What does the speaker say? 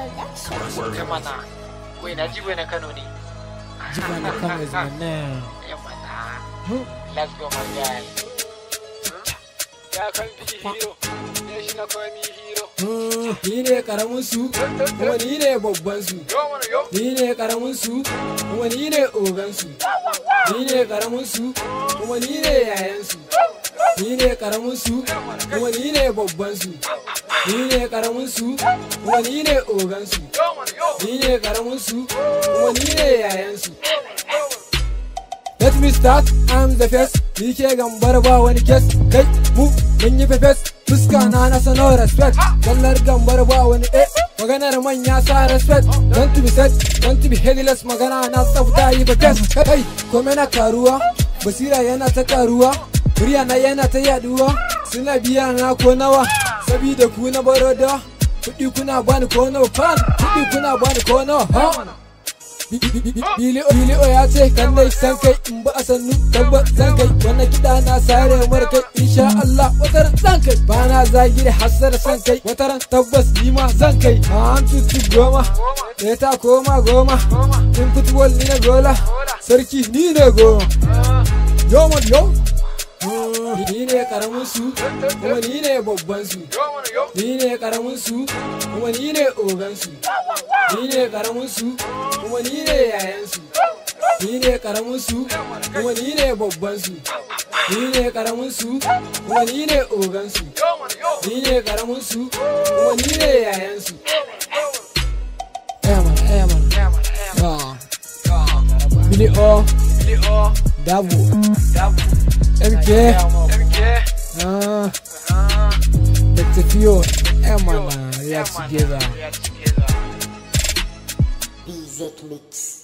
ni ne karamin su kuma ni ne babban su ni ne karamin su kuma ni ne ogan su ni ne karamin su kuma ni ne yayan su ni ne karamin su kuma ni ne babban su ni ne karamin su kuma ni ne ogan su ni ne karamin su kuma ni ne yayan su let me start i'm the first ni ke gambar ba wani kes kai mu mun yi fefes fuska na na no respect Zallar gambar ba wani eh maganar manya sa respect don't to be set don't to be headless magana na tsafta yi ba kes kai kome na karuwa basira yana ta karuwa murya na yana ta yaduwa suna biya na ko nawa sabida ku na barada kuɗi kuna bani no fan kuɗi kuna bani no ha Bilio oh, ya ce kan dai san kai in ba a sannu ba zan kai wannan kida na sare mara kai insha Allah wataran zan kai ba na zagi da hasar san kai wataran tabbas ni ma zan kai an ci ci goma eh ta koma goma in fitwal ni na gola sarki ni ne goma yo yo Ni ne karamin su kuma ni ne babban su. Ni ne karamin su kuma ni ne ogan su. Ni ne karamin su kuma ni ne yayan su. Ni ne karamin su kuma ni ne babban su. Ni ne karamin su kuma ni ne ogan su. Ni ne karamin su kuma ni ne yayan su. Ah, ah, Dior, Davo, Davo, MK, MK, ah, uh-huh. Dr. Uh-huh. Eh, we are together. BZ Mix.